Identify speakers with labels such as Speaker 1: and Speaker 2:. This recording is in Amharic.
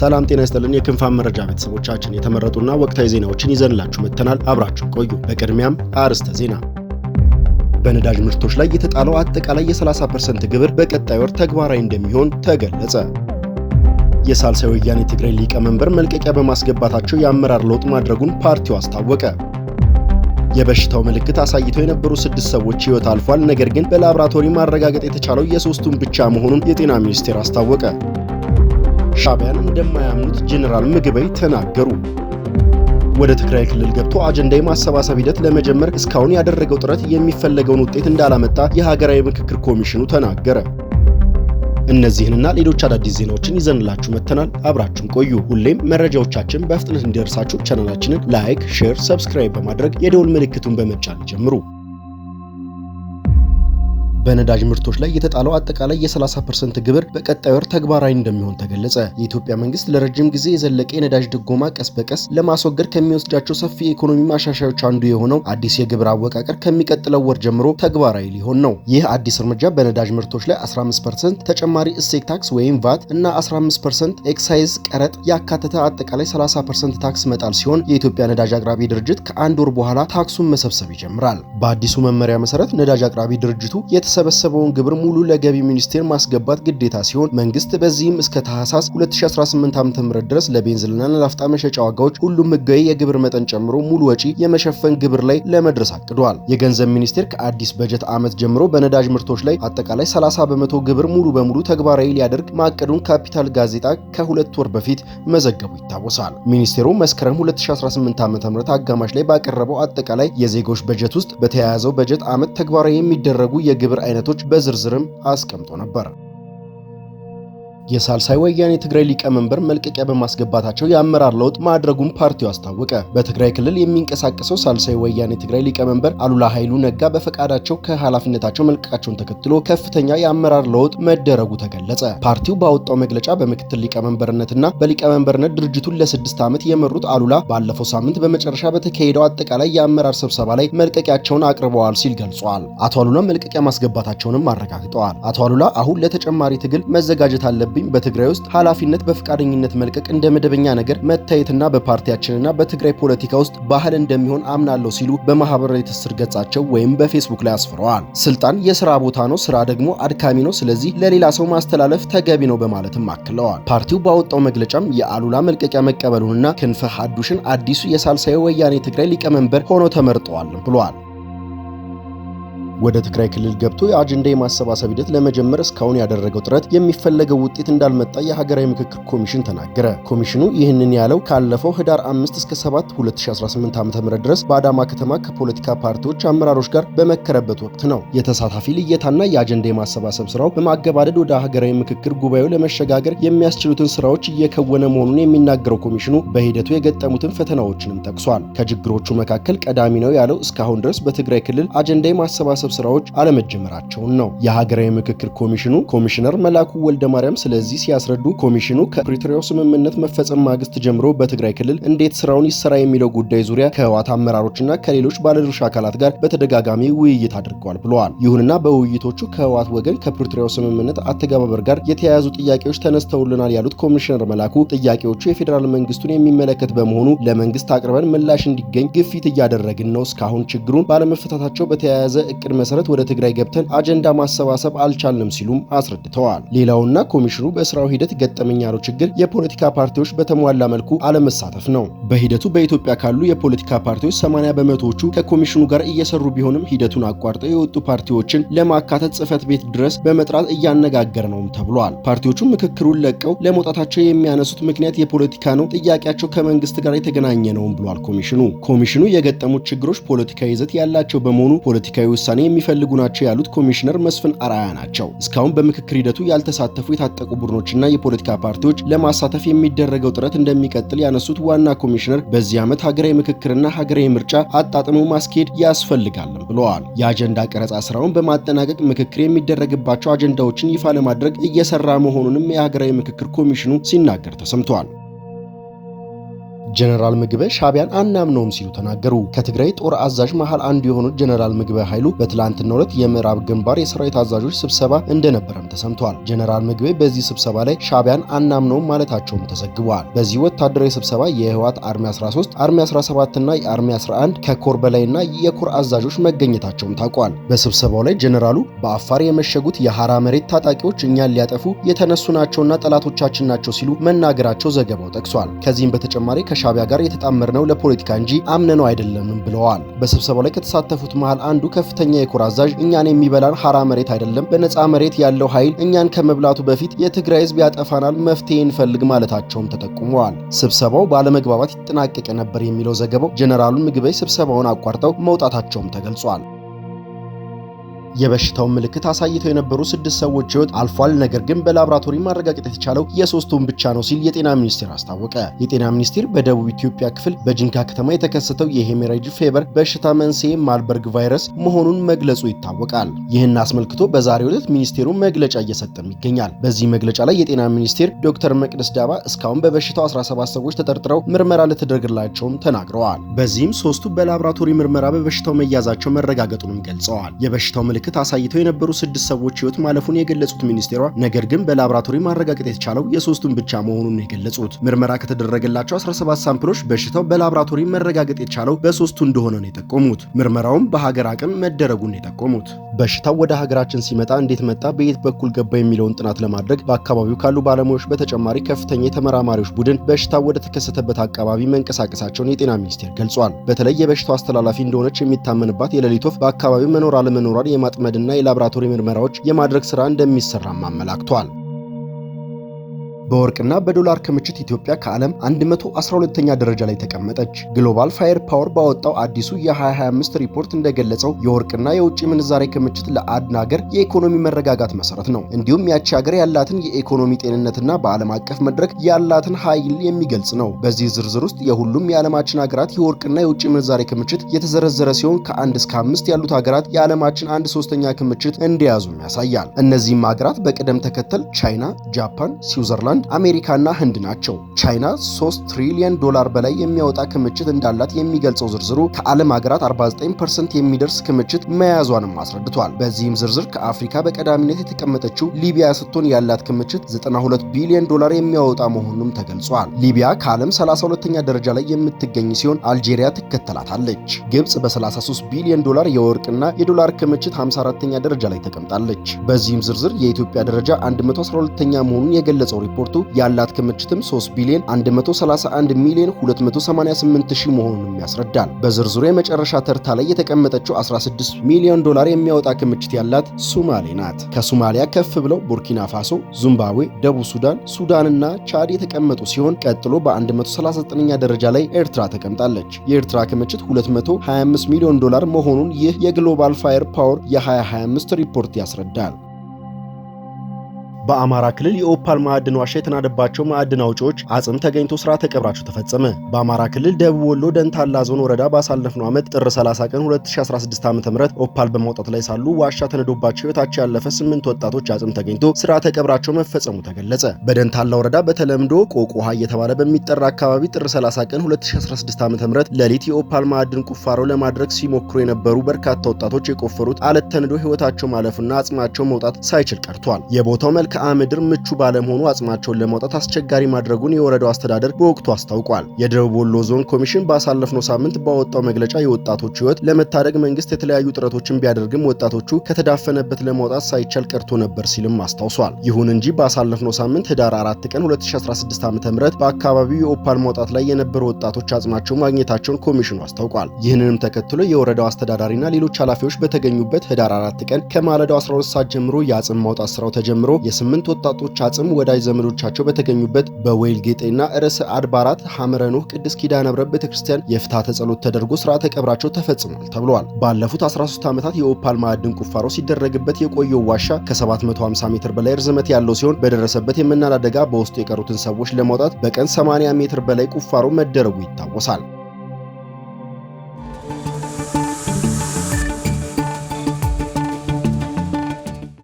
Speaker 1: ሰላም ጤና ይስጥልን። የክንፋን መረጃ ቤተሰቦቻችን የተመረጡና ወቅታዊ ዜናዎችን ይዘንላችሁ መጥተናል። አብራችሁ ቆዩ። በቅድሚያም አርዕስተ ዜና። በነዳጅ ምርቶች ላይ የተጣለው አጠቃላይ የ30 ፐርሰንት ግብር በቀጣይ ወር ተግባራዊ እንደሚሆን ተገለጸ። የሳልሳይ ወያኔ ትግራይ ሊቀመንበር መልቀቂያ በማስገባታቸው የአመራር ለውጥ ማድረጉን ፓርቲው አስታወቀ። የበሽታው ምልክት አሳይተው የነበሩ ስድስት ሰዎች ሕይወት አልፏል። ነገር ግን በላብራቶሪ ማረጋገጥ የተቻለው የሶስቱን ብቻ መሆኑን የጤና ሚኒስቴር አስታወቀ። ሻቢያን እንደማያምኑት ጄኔራል ምግበይ ተናገሩ። ወደ ትግራይ ክልል ገብቶ አጀንዳ የማሰባሰብ ሂደት ለመጀመር እስካሁን ያደረገው ጥረት የሚፈለገውን ውጤት እንዳላመጣ የሀገራዊ ምክክር ኮሚሽኑ ተናገረ። እነዚህንና ሌሎች አዳዲስ ዜናዎችን ይዘንላችሁ መጥተናል። አብራችሁን ቆዩ። ሁሌም መረጃዎቻችን በፍጥነት እንዲደርሳችሁ ቻናላችንን ላይክ፣ ሼር፣ ሰብስክራይብ በማድረግ የደውል ምልክቱን በመጫን ጀምሩ። በነዳጅ ምርቶች ላይ የተጣለው አጠቃላይ የ30 ፐርሰንት ግብር በቀጣይ ወር ተግባራዊ እንደሚሆን ተገለጸ። የኢትዮጵያ መንግስት ለረጅም ጊዜ የዘለቀ የነዳጅ ድጎማ ቀስ በቀስ ለማስወገድ ከሚወስዳቸው ሰፊ የኢኮኖሚ ማሻሻዮች አንዱ የሆነው አዲስ የግብር አወቃቀር ከሚቀጥለው ወር ጀምሮ ተግባራዊ ሊሆን ነው። ይህ አዲስ እርምጃ በነዳጅ ምርቶች ላይ 15 ፐርሰንት ተጨማሪ እሴት ታክስ ወይም ቫት እና 15 ፐርሰንት ኤክሳይዝ ቀረጥ ያካተተ አጠቃላይ 30 ፐርሰንት ታክስ መጣል ሲሆን የኢትዮጵያ ነዳጅ አቅራቢ ድርጅት ከአንድ ወር በኋላ ታክሱን መሰብሰብ ይጀምራል። በአዲሱ መመሪያ መሰረት ነዳጅ አቅራቢ ድርጅቱ የተሰ የተሰበሰበውን ግብር ሙሉ ለገቢ ሚኒስቴር ማስገባት ግዴታ ሲሆን መንግስት በዚህም እስከ ታህሳስ 2018 ዓ.ም ድረስ ለቤንዚንና ለናፍጣ መሸጫ ዋጋዎች ሁሉም ህጋዊ የግብር መጠን ጨምሮ ሙሉ ወጪ የመሸፈን ግብር ላይ ለመድረስ አቅዷል። የገንዘብ ሚኒስቴር ከአዲስ በጀት ዓመት ጀምሮ በነዳጅ ምርቶች ላይ አጠቃላይ 30 በመቶ ግብር ሙሉ በሙሉ ተግባራዊ ሊያደርግ ማቀዱን ካፒታል ጋዜጣ ከሁለት ወር በፊት መዘገቡ ይታወሳል። ሚኒስቴሩ መስከረም 2018 ዓ.ም አጋማሽ ላይ ባቀረበው አጠቃላይ የዜጎች በጀት ውስጥ በተያያዘው በጀት ዓመት ተግባራዊ የሚደረጉ የግብር አይነቶች በዝርዝርም አስቀምጦ ነበር። የሳልሳይ ወያኔ ትግራይ ሊቀመንበር መልቀቂያ በማስገባታቸው የአመራር ለውጥ ማድረጉን ፓርቲው አስታወቀ። በትግራይ ክልል የሚንቀሳቀሰው ሳልሳይ ወያኔ ትግራይ ሊቀመንበር አሉላ ኃይሉ ነጋ በፈቃዳቸው ከኃላፊነታቸው መልቀቃቸውን ተከትሎ ከፍተኛ የአመራር ለውጥ መደረጉ ተገለጸ። ፓርቲው ባወጣው መግለጫ በምክትል ሊቀመንበርነትና በሊቀመንበርነት ድርጅቱን ለስድስት ዓመት የመሩት አሉላ ባለፈው ሳምንት በመጨረሻ በተካሄደው አጠቃላይ የአመራር ስብሰባ ላይ መልቀቂያቸውን አቅርበዋል ሲል ገልጿል። አቶ አሉላ መልቀቂያ ማስገባታቸውንም አረጋግጠዋል። አቶ አሉላ አሁን ለተጨማሪ ትግል መዘጋጀት አለብን ስላለብኝ በትግራይ ውስጥ ኃላፊነት በፈቃደኝነት መልቀቅ እንደ መደበኛ ነገር መታየትና በፓርቲያችንና በትግራይ ፖለቲካ ውስጥ ባህል እንደሚሆን አምናለሁ ሲሉ በማህበራዊ ትስስር ገጻቸው ወይም በፌስቡክ ላይ አስፍረዋል። ስልጣን የስራ ቦታ ነው፣ ስራ ደግሞ አድካሚ ነው። ስለዚህ ለሌላ ሰው ማስተላለፍ ተገቢ ነው በማለትም አክለዋል። ፓርቲው ባወጣው መግለጫም የአሉላ መልቀቂያ መቀበሉንና ክንፈ ሐዱሽን አዲሱ የሳልሳይ ወያኔ ትግራይ ሊቀመንበር ሆኖ ተመርጠዋል ብሏል። ወደ ትግራይ ክልል ገብቶ የአጀንዳ የማሰባሰብ ሂደት ለመጀመር እስካሁን ያደረገው ጥረት የሚፈለገው ውጤት እንዳልመጣ የሀገራዊ ምክክር ኮሚሽን ተናገረ። ኮሚሽኑ ይህንን ያለው ካለፈው ህዳር 5 እስከ 7 2018 ም ድረስ በአዳማ ከተማ ከፖለቲካ ፓርቲዎች አመራሮች ጋር በመከረበት ወቅት ነው። የተሳታፊ ልየታና የአጀንዳ የማሰባሰብ ስራው በማገባደድ ወደ ሀገራዊ ምክክር ጉባኤው ለመሸጋገር የሚያስችሉትን ስራዎች እየከወነ መሆኑን የሚናገረው ኮሚሽኑ በሂደቱ የገጠሙትን ፈተናዎችንም ጠቅሷል። ከችግሮቹ መካከል ቀዳሚ ነው ያለው እስካሁን ድረስ በትግራይ ክልል አጀንዳ የማሰባሰብ የማሰባሰብ ስራዎች አለመጀመራቸውን ነው። የሀገራዊ ምክክር ኮሚሽኑ ኮሚሽነር መላኩ ወልደ ማርያም ስለዚህ ሲያስረዱ ኮሚሽኑ ከፕሪቶሪያው ስምምነት መፈጸም ማግስት ጀምሮ በትግራይ ክልል እንዴት ስራውን ይሰራ የሚለው ጉዳይ ዙሪያ ከህወሓት አመራሮችና ከሌሎች ባለድርሻ አካላት ጋር በተደጋጋሚ ውይይት አድርገዋል ብለዋል። ይሁንና በውይይቶቹ ከህወሓት ወገን ከፕሪቶሪያው ስምምነት አተገባበር ጋር የተያያዙ ጥያቄዎች ተነስተውልናል ያሉት ኮሚሽነር መላኩ ጥያቄዎቹ የፌዴራል መንግስቱን የሚመለከት በመሆኑ ለመንግስት አቅርበን ምላሽ እንዲገኝ ግፊት እያደረግን ነው። እስካሁን ችግሩን ባለመፈታታቸው በተያያዘ እቅድ መሰረት ወደ ትግራይ ገብተን አጀንዳ ማሰባሰብ አልቻልንም ሲሉም አስረድተዋል። ሌላውና ኮሚሽኑ በስራው ሂደት ገጠመኝ ያለው ችግር የፖለቲካ ፓርቲዎች በተሟላ መልኩ አለመሳተፍ ነው። በሂደቱ በኢትዮጵያ ካሉ የፖለቲካ ፓርቲዎች 80 በመቶዎቹ ከኮሚሽኑ ጋር እየሰሩ ቢሆንም ሂደቱን አቋርጠው የወጡ ፓርቲዎችን ለማካተት ጽህፈት ቤት ድረስ በመጥራት እያነጋገር ነውም ተብሏል። ፓርቲዎቹ ምክክሩን ለቀው ለመውጣታቸው የሚያነሱት ምክንያት የፖለቲካ ነው፣ ጥያቄያቸው ከመንግስት ጋር የተገናኘ ነውም ብሏል ኮሚሽኑ። ኮሚሽኑ የገጠሙት ችግሮች ፖለቲካዊ ይዘት ያላቸው በመሆኑ ፖለቲካዊ ውሳኔ የሚፈልጉ ናቸው ያሉት ኮሚሽነር መስፍን አርአያ ናቸው። እስካሁን በምክክር ሂደቱ ያልተሳተፉ የታጠቁ ቡድኖችና የፖለቲካ ፓርቲዎች ለማሳተፍ የሚደረገው ጥረት እንደሚቀጥል ያነሱት ዋና ኮሚሽነር በዚህ ዓመት ሀገራዊ ምክክርና ሀገራዊ ምርጫ አጣጥሞ ማስኬድ ያስፈልጋልም ብለዋል። የአጀንዳ ቀረጻ ስራውን በማጠናቀቅ ምክክር የሚደረግባቸው አጀንዳዎችን ይፋ ለማድረግ እየሰራ መሆኑንም የሀገራዊ ምክክር ኮሚሽኑ ሲናገር ተሰምቷል። ጀነራል ምግበ ሻቢያን አናምነውም ሲሉ ተናገሩ። ከትግራይ ጦር አዛዥ መሃል አንዱ የሆኑት ጀነራል ምግበ ኃይሉ በትላንትናው ዕለት የምዕራብ ግንባር የሰራዊት አዛዦች ስብሰባ እንደነበረም ተሰምቷል። ጀነራል ምግበ በዚህ ስብሰባ ላይ ሻቢያን አናምነውም ማለታቸውም ተዘግቧል። በዚህ ወታደራዊ ስብሰባ የህወሓት አርሚ 13 አርሚ 17 እና የአርሚ 11 ከኮር በላይና የኮር አዛዦች መገኘታቸውም ታውቋል። በስብሰባው ላይ ጀነራሉ በአፋር የመሸጉት የሐራ መሬት ታጣቂዎች እኛን ሊያጠፉ የተነሱ ናቸውና ጠላቶቻችን ናቸው ሲሉ መናገራቸው ዘገባው ጠቅሷል። ከዚህም በተጨማሪ ከሻ ከሻቢያ ጋር የተጣመርነው ለፖለቲካ እንጂ አምነነው አይደለም ብለዋል። በስብሰባው ላይ ከተሳተፉት መሃል አንዱ ከፍተኛ የኮር አዛዥ እኛን የሚበላን ሀራ መሬት አይደለም፣ በነፃ መሬት ያለው ኃይል እኛን ከመብላቱ በፊት የትግራይ ህዝብ ያጠፋናል፣ መፍትሄ እንፈልግ ማለታቸውም ተጠቁመዋል። ስብሰባው ባለመግባባት ይጠናቀቅ ነበር የሚለው ዘገባው ጀነራሉ ምግበይ ስብሰባውን አቋርጠው መውጣታቸውም ተገልጿል። የበሽታውን ምልክት አሳይተው የነበሩ ስድስት ሰዎች ህይወት አልፏል። ነገር ግን በላብራቶሪ ማረጋገጥ የተቻለው የሶስቱን ብቻ ነው ሲል የጤና ሚኒስቴር አስታወቀ። የጤና ሚኒስቴር በደቡብ ኢትዮጵያ ክፍል በጅንካ ከተማ የተከሰተው የሄሜራጅ ፌቨር በሽታ መንስኤ ማልበርግ ቫይረስ መሆኑን መግለጹ ይታወቃል። ይህን አስመልክቶ በዛሬው ዕለት ሚኒስቴሩ መግለጫ እየሰጠም ይገኛል። በዚህ መግለጫ ላይ የጤና ሚኒስቴር ዶክተር መቅደስ ዳባ እስካሁን በበሽታው 17 ሰዎች ተጠርጥረው ምርመራ እንደተደረገላቸውም ተናግረዋል። በዚህም ሶስቱ በላብራቶሪ ምርመራ በበሽታው መያዛቸው መረጋገጡንም ገልጸዋል። የበሽታው ምልክት ምልክት አሳይተው የነበሩ ስድስት ሰዎች ህይወት ማለፉን የገለጹት ሚኒስቴሯ ነገር ግን በላብራቶሪ ማረጋገጥ የተቻለው የሶስቱን ብቻ መሆኑን የገለጹት ምርመራ ከተደረገላቸው 17 ሳምፕሎች በሽታው በላብራቶሪ መረጋገጥ የቻለው በሶስቱ እንደሆነ ነው የጠቆሙት። ምርመራውም በሀገር አቅም መደረጉን የጠቆሙት በሽታው ወደ ሀገራችን ሲመጣ እንዴት መጣ፣ በየት በኩል ገባ የሚለውን ጥናት ለማድረግ በአካባቢው ካሉ ባለሙያዎች በተጨማሪ ከፍተኛ የተመራማሪዎች ቡድን በሽታው ወደ ተከሰተበት አካባቢ መንቀሳቀሳቸውን የጤና ሚኒስቴር ገልጿል። በተለይ የበሽታው አስተላላፊ እንደሆነች የሚታመንባት የሌሊት ወፍ በአካባቢው መኖር አለመኖሯን የማጥመድና የላብራቶሪ ምርመራዎች የማድረግ ስራ እንደሚሰራም አመላክቷል። በወርቅና በዶላር ክምችት ኢትዮጵያ ከዓለም 112ኛ ደረጃ ላይ ተቀመጠች። ግሎባል ፋየር ፓወር ባወጣው አዲሱ የ2025 ሪፖርት እንደገለጸው የወርቅና የውጭ ምንዛሬ ክምችት ለአንድ ሀገር የኢኮኖሚ መረጋጋት መሰረት ነው። እንዲሁም ያቺ ሀገር ያላትን የኢኮኖሚ ጤንነትና በዓለም አቀፍ መድረክ ያላትን ኃይል የሚገልጽ ነው። በዚህ ዝርዝር ውስጥ የሁሉም የዓለማችን ሀገራት የወርቅና የውጭ ምንዛሬ ክምችት የተዘረዘረ ሲሆን ከአንድ እስከ አምስት ያሉት ሀገራት የዓለማችን አንድ ሶስተኛ ክምችት እንደያዙም ያሳያል። እነዚህም ሀገራት በቅደም ተከተል ቻይና፣ ጃፓን፣ ስዊዘርላንድ አንድ አሜሪካና ህንድ ናቸው። ቻይና 3 ትሪሊየን ዶላር በላይ የሚያወጣ ክምችት እንዳላት የሚገልጸው ዝርዝሩ ከዓለም ሀገራት 49% የሚደርስ ክምችት መያዟንም አስረድቷል። በዚህም ዝርዝር ከአፍሪካ በቀዳሚነት የተቀመጠችው ሊቢያ ስትሆን ያላት ክምችት 92 ቢሊዮን ዶላር የሚያወጣ መሆኑም ተገልጿል። ሊቢያ ከዓለም 32ኛ ደረጃ ላይ የምትገኝ ሲሆን አልጄሪያ ትከተላታለች። ግብጽ በ33 ቢሊዮን ዶላር የወርቅና የዶላር ክምችት 54ኛ ደረጃ ላይ ተቀምጣለች። በዚህም ዝርዝር የኢትዮጵያ ደረጃ 112ኛ መሆኑን የገለጸው ሪፖርት ሪፖርቱ ያላት ክምችትም 3 ቢሊዮን 131 ሚሊዮን 288 ሺህ መሆኑንም ያስረዳል። በዝርዝሩ የመጨረሻ ተርታ ላይ የተቀመጠችው 16 ሚሊዮን ዶላር የሚያወጣ ክምችት ያላት ሱማሌ ናት። ከሱማሊያ ከፍ ብለው ቡርኪና ፋሶ፣ ዚምባብዌ፣ ደቡብ ሱዳን፣ ሱዳንና ቻድ የተቀመጡ ሲሆን ቀጥሎ በ139ኛ ደረጃ ላይ ኤርትራ ተቀምጣለች። የኤርትራ ክምችት 225 ሚሊዮን ዶላር መሆኑን ይህ የግሎባል ፋየር ፓወር የ2025 ሪፖርት ያስረዳል። በአማራ ክልል የኦፓል ማዕድን ዋሻ የተናደባቸው ማዕድን አውጪዎች አጽም ተገኝቶ ስርዓተ ቀብራቸው ተፈጸመ። በአማራ ክልል ደቡብ ወሎ ደንታላ ዞን ወረዳ ባሳለፍነው ዓመት ጥር 30 ቀን 2016 ዓ.ም ኦፓል በማውጣት ላይ ሳሉ ዋሻ ተነዶባቸው ሕይወታቸው ያለፈ ስምንት ወጣቶች አጽም ተገኝቶ ስርዓተ ቀብራቸው መፈጸሙ ተገለጸ። በደንታላ ወረዳ በተለምዶ ቆቅ ውሃ እየተባለ በሚጠራ አካባቢ ጥር 30 ቀን 2016 ዓ.ም ሌሊት የኦፓል ማዕድን ቁፋሮ ለማድረግ ሲሞክሩ የነበሩ በርካታ ወጣቶች የቆፈሩት አለት ተንዶ ሕይወታቸው ማለፉና አጽማቸው መውጣት ሳይችል ቀርቷል። የቦታው መልካ መልክዓ ምድር ምቹ ባለመሆኑ አጽማቸውን ለማውጣት አስቸጋሪ ማድረጉን የወረዳው አስተዳደር በወቅቱ አስታውቋል። የደቡብ ወሎ ዞን ኮሚሽን ባሳለፍነው ሳምንት ባወጣው መግለጫ የወጣቶች ህይወት ለመታደግ መንግስት የተለያዩ ጥረቶችን ቢያደርግም ወጣቶቹ ከተዳፈነበት ለማውጣት ሳይቻል ቀርቶ ነበር ሲልም አስታውሷል። ይሁን እንጂ ባሳለፍነው ሳምንት ህዳር 4 ቀን 2016 ዓ.ም በአካባቢው የኦፓል ማውጣት ላይ የነበሩ ወጣቶች አጽማቸው ማግኘታቸውን ኮሚሽኑ አስታውቋል። ይህንንም ተከትሎ የወረዳው አስተዳዳሪና ሌሎች ኃላፊዎች በተገኙበት ህዳር 4 ቀን ከማለዳው 12 ሰዓት ጀምሮ የአጽም ማውጣት ስራው ተጀምሮ ስምንት ወጣቶች አጽም ወዳጅ ዘመዶቻቸው በተገኙበት በወይል ጌጤና ርዕሰ አድባራት ሐምረኖህ ቅድስት ኪዳነ ምሕረት ቤተክርስቲያን የፍታተ ጸሎት ተደርጎ ስርዓተ ቀብራቸው ተፈጽሟል ተብሏል። ባለፉት 13 ዓመታት የኦፓል ማዕድን ቁፋሮ ሲደረግበት የቆየው ዋሻ ከ750 ሜትር በላይ ርዝመት ያለው ሲሆን በደረሰበት የመናድ አደጋ በውስጡ የቀሩትን ሰዎች ለማውጣት በቀን 80 ሜትር በላይ ቁፋሮ መደረጉ ይታወሳል።